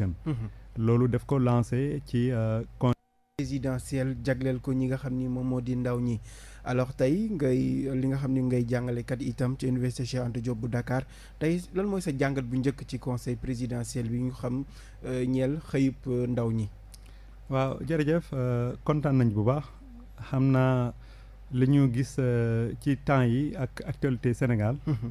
système mhm. loolu def ko lancé ci euh, con présidentielle jagleel ko ñi nga xam ni moom moo di ndaw ñi alors tey ngay li nga xam ni ngay jàngalekat itam ci université Cheikh Anta Diop bu Dakar tey lan mooy sa jàngat bu njëkk ci conseil présidentiel bi ñu xam euh, ñeel xëyub euh, ndaw ñi waaw jërëjëf kontaan nañ bu baax xam naa li ñu gis ci temps yi ak actualité Sénégal mhm.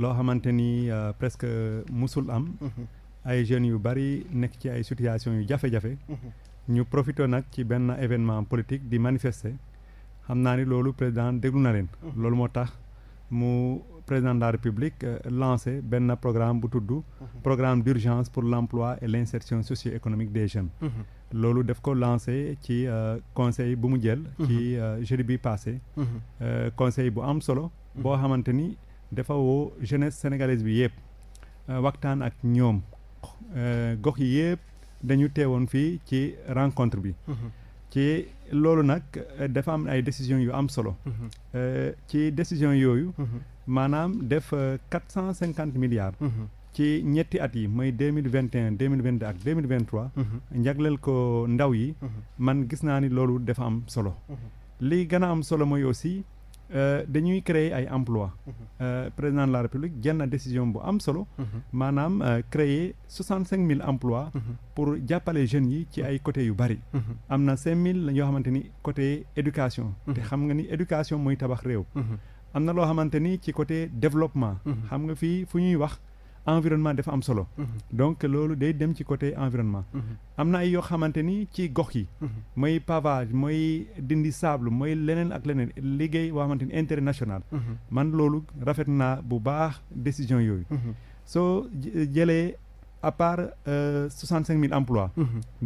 loo xamante ni presque mosul am mhm. ay jeunes yu bari nekk ci ay situation yu jafe-jafe. Mhm. ñu profité nag ci benn événement politique di manifester xam naa ni loolu président déglu na leen. Mhm. loolu moo tax mu président de la république euh, lancé benn programme bu tudd. Mhm. programme d'urgence pour l'emploi et l'insertion socio-économique des jeunes. loolu def ko lancé ci euh, conseil bu mu jël. ci euh, jeudi bi passé. conseil bu am solo. boo xamante ni dafa woo jeunesse sénégalaise bi yépp waxtaan ak ñoom Euh, gox yi yëpp dañu teewoon fii ci rencontre bi. Mhm. ci loolu nag euh, dafa am ay décision yu am solo. Mhm. Euh, ci décision yooyu. Mhm. maanaam def quatre cent cinquante milliards. ci ñetti at yi mooy deux mille vingt et un deux mille vingt deux ak deux mille vingt trois. njagleel ko ndaw yi. man gis naa ni loolu dafa am solo. li gën am solo mooy aussi. Euh, dañuy créer ay emploi mhm. euh, président de la république jël décision bu am solo mhm. maanaam euh, créer soixante cinq mille emploi mhm. pour jàppale jeunes yi ci ay côté yu bari am na cinq mille yoo xamante ni côté éducation te xam nga ni éducation mooy tabax réew am na loo xamante ni ci côté développement xam nga fii fu ñuy wax environnement dafa am solo. Mhm. donc loolu day dem ci côté environnement. Mhm. am na ay yoo xamante ni ci gox yi. Mhm. mooy pavage mooy dindi sable mooy leneen ak leneen liggéey boo xamante ni intérêt national. man loolu rafet naa bu baax décision yooyu. soo euh, jëlee à part euh, soixante cinq mille emplois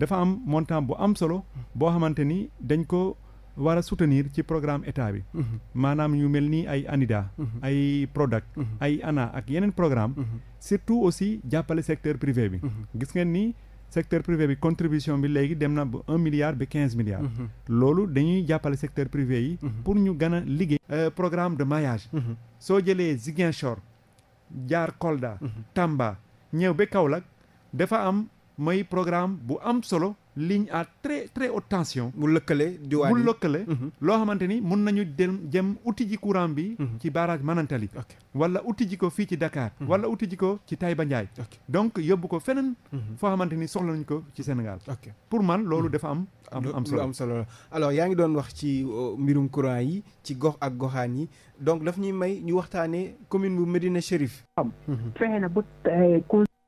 dafa am montant bu am solo boo xamante ni dañ ko. war a soutenir ci programme état bi mhm. maanaam ñu mel nii ay ANIDA mhm. ay PRODAC mhm. ay ANA ak yeneen programme surtout aussi jàppale secteur privé bi gis ngeen ni secteur privé bi contribution bi léegi dem na ba un milliard ba quinze milliards loolu dañuy jàppale secteur privé yi pour ñu gën a liggéey euh, programme de maillage soo jëlee Ziguinchor jaar Kolda Tamba ñëw ba Kaolack dafa am mooy programme bu am solo ligne à très très haute tension. mu lëkkale diwaan yi mu lëkkale. Mhm. loo xamante ni mun nañu dem jëm uti ji courant bi. Mhm. ci barrage Manantali. wala uti ji ko fii ci dakaar mhm. wala uti ji ko ci Taïba Ndiaye. donc yóbbu ko feneen. foo xamante ni soxla nañ ko ci Sénégal. pour man loolu dafa am. am solo am solo alors yaa ngi doon wax ci mbirum courant yi ci gox ak goxaan yi donc daf ñuy may ñu waxtaanee commune bu Médina Chérif. am fexe na bu eh,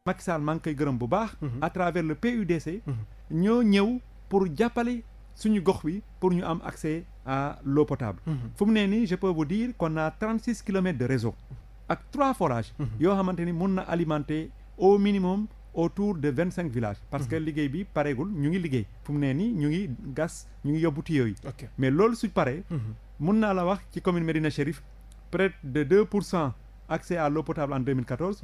Macky Sall maa ngi koy gërëm bu baax. à travers le PUDC. ñoo ñëw pour jàppale suñu gox bi pour ñu am accès à l'eau potable mhm. fu mu ne nii je peux vous dire qu'on a kilomètres de réseau ak trois forages mhm. yoo xamante ni mun na alimenter au minimum autour de vingt cinq villages parce que mhm. liggéey bi pareegul ñu ngi liggéey fu mu ne nii ñu ngi gas ñu ngi yóbbu tuyaux mais loolu suñ paree mun na la wax ci commune Médina Chérif près de deux pour cent accès à l'eau potable en 2014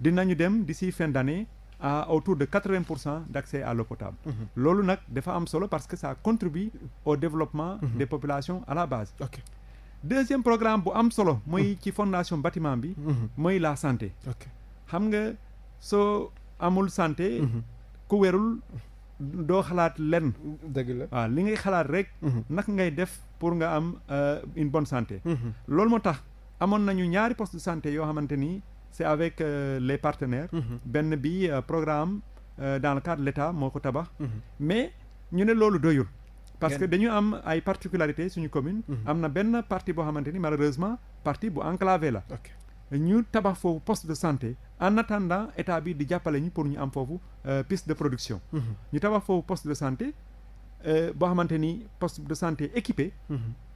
dinañu dem d'ici fin d'année à autour de quatre-vingts pour cent d'accès à l'eau mhm. loolu nag dafa am solo parce que ça contribue au développement mhm. des population à la base okay. deuxième programme bu am solo mooy mhm. ci fondation bâtiment bi mooy la santé xam nga soo amul santé ku werul doo xalaat lenn dëgg la waaw li ngay xalaat rek naka ngay def pour nga am euh, une bonne santé loolu moo tax amoon nañu ñaari poste de santé yoo xamante ni c'est avec euh, les partenaires. Mhm. benn bi euh, programme euh, dans le cadre de l'État moo ko tabax. Mhm. mais ñu ne loolu doyul. parce que dañu am ay particularités suñu commune. Mhm. am na benn partie boo xamante ni malheureusement partie bu enclavé la. ñu tabax foofu poste de santé en attendant état bi di jàppale ñu pour ñu am foofu piste de production. ñu tabax foofu post de santé boo xamante ni poste de santé équipé.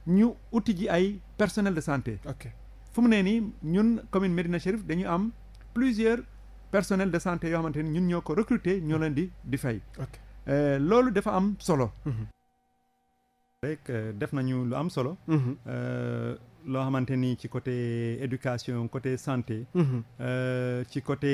ñu uti ji ay personnel de santé. fu mu nee nii ñun commune Médina Chérif dañu am plusieurs personnels de santé yo xamante ni ñun ñoo ko recruter ñoo leen di di fay. Euh, loolu dafa am solo. Mhm. Euh, def nañu lu am solo. Mhm. Euh, loo xamante ni ci côté éducation côté santé. Mhm. ci côté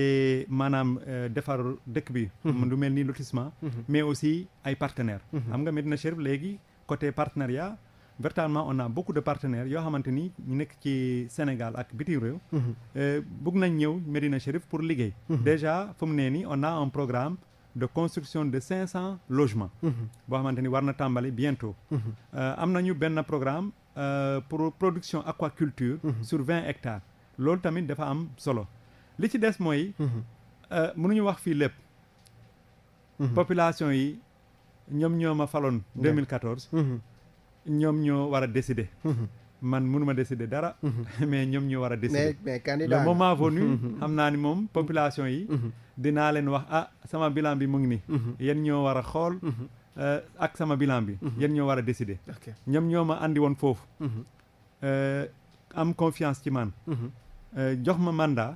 maanaam defar dëkk bi. lu mel ni lotissement. mais aussi ay partenaires. am nga Médina Chérif léegi côté partenariat. véritablement on a beaucoup de partenaires yoo xamante ni ñu nekk ci Sénégal ak bitim réew. Mhm. Euh, bëgg nañ ñëw Medina Chérif pour liggéey. Mhm. déjà fu mu nee nii on a un programme de construction de 500 logements. Mhm. boo xamante ni war na tàmbali bientôt. Euh, am nañu benn programme euh, pour production aquaculture. sur 20 hectares. loolu tamit dafa am solo li ci des mooy. mënuñu wax fii lépp. population yi ñoom ñoo ma faloon 2014. ñoom ñoo war a décider. Mhm. man mënuma décider dara. Mhm. mais ñoom ñoo war a décider. mais mais candidat le moment venu. Mhm. naa ni moom population yi. dinaa leen wax ah sama bilan bi mu ngi nii. yéen ñoo war a xool. Eh, ak sama bilan bi. yéen ñoo war a décider. ñoom ñoo ma andi woon foofu. Eh, am confiance ci man. Eh, jox ma mandat.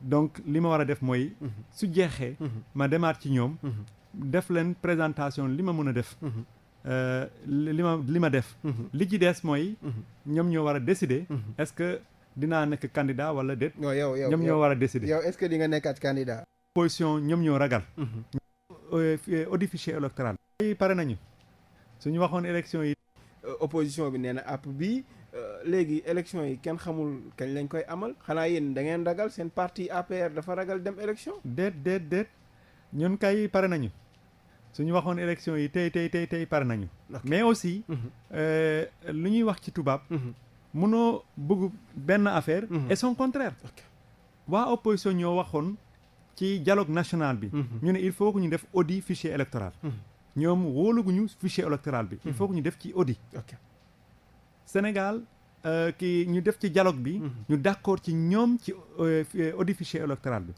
donc li ma war a def mooy. su jeexee. ma demaat ci ñoom. def leen présentation li ma mën a def. Euh, li ma li ma def. Mhm. li ci des mooy. Mhm. ñoom ñoo war a décider. Mhm. est-ce que dinaa nekk candidat wala déet. non yow yow ñoom ñoo war a décider. yow est-ce que di nga nekkaat candidat. opposition ñoom ñoo ragal. Euh, audit fichier électoral. yi pare nañu su ñu waxoon élection yi. Euh, opposition bi nee na app bi léegi élection yi kenn xamul kañ lañ koy amal xanaa yéen da ngeen ragal seen parti APR dafa ragal dem élection. déet déet déet ñun kay pare nañu. ñu waxoon élection yi tey tey tey tey par nañu mais aussi mm-hmm. euh, lu ñuy wax ci tubaab mënoo mm-hmm. bëgg benn affaire mm-hmm. et son contraire waa opposition ñoo waxoon ci dialogue national bi ñu ne il faut que ñu def audit fichier électoral ñoom wóolaguñu fichier électoral bi il faut que ñu def ci audit Sénégal euh, kii ñu def ci dialogue bi ñu d'accord ci ñoom ci euh, audit fichier électoral bi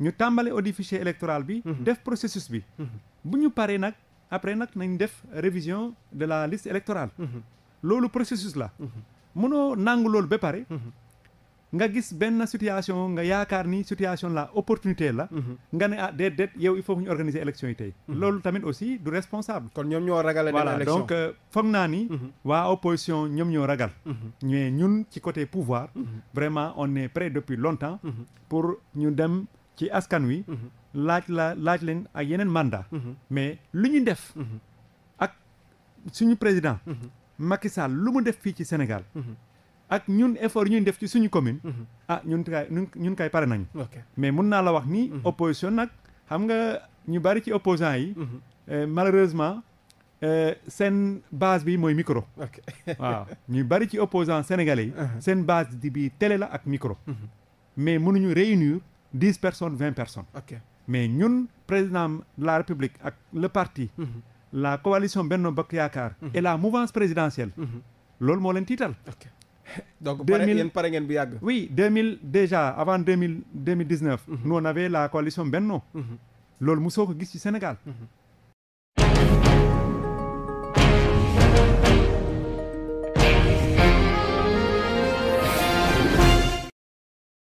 ñu tàmbale audit fichier électoral bi def processus bi bu ñu paree nag après nag nañ def révision de la liste électorale mhm. loolu processus la mhm. mënoo nangu loolu ba pare mhm. nga gis benn situation nga yaakaar ni situation la opportunité la nga ne a ah, déet déet yow il faut ñu organiser élection yi tey loolu tamit aussi du responsable kon ñoom ñoo ragal voilà donc euh, foog naa ni waa opposition ñoom ñoo ragal mais ñun ci côté pouvoir vraiment on est prêt depuis longtemps pour ñu dem ci askan wi. Mhm. laaj la laaj leen ak yeneen mandat mhm. mais lu ñu def. Mhm. ak suñu président. Macky Sall lu mu def fii ci Sénégal. ak ñun effort ñu def ci suñu commune. ah ñun kay ñun kay pare nañu. mais mun naa la wax ni. opposition nag xam nga ñu bari ci opposants yi. Eh, malheureusement. Euh, seen base bi mooy micro. waaw ñu bari ci opposant sénégalais yi. Uh-huh. seen base di bi télé la ak micro. mais mënuñu réunir dix personnes vingt personnes. ok mais ñun président de la république ak le parti. Mhm. la coalition Benno Bokk Yaakaar. Mm -hmm. et la mouvance présidentielle. Mhm. loolu moo leen tiital. ok donc pare yéen pare ngeen bu yàgg. oui deux mille déjà avant deux mille deux mille dix mhm. avait la coalition Benno. loolu mosoo ko gis ci Sénégal.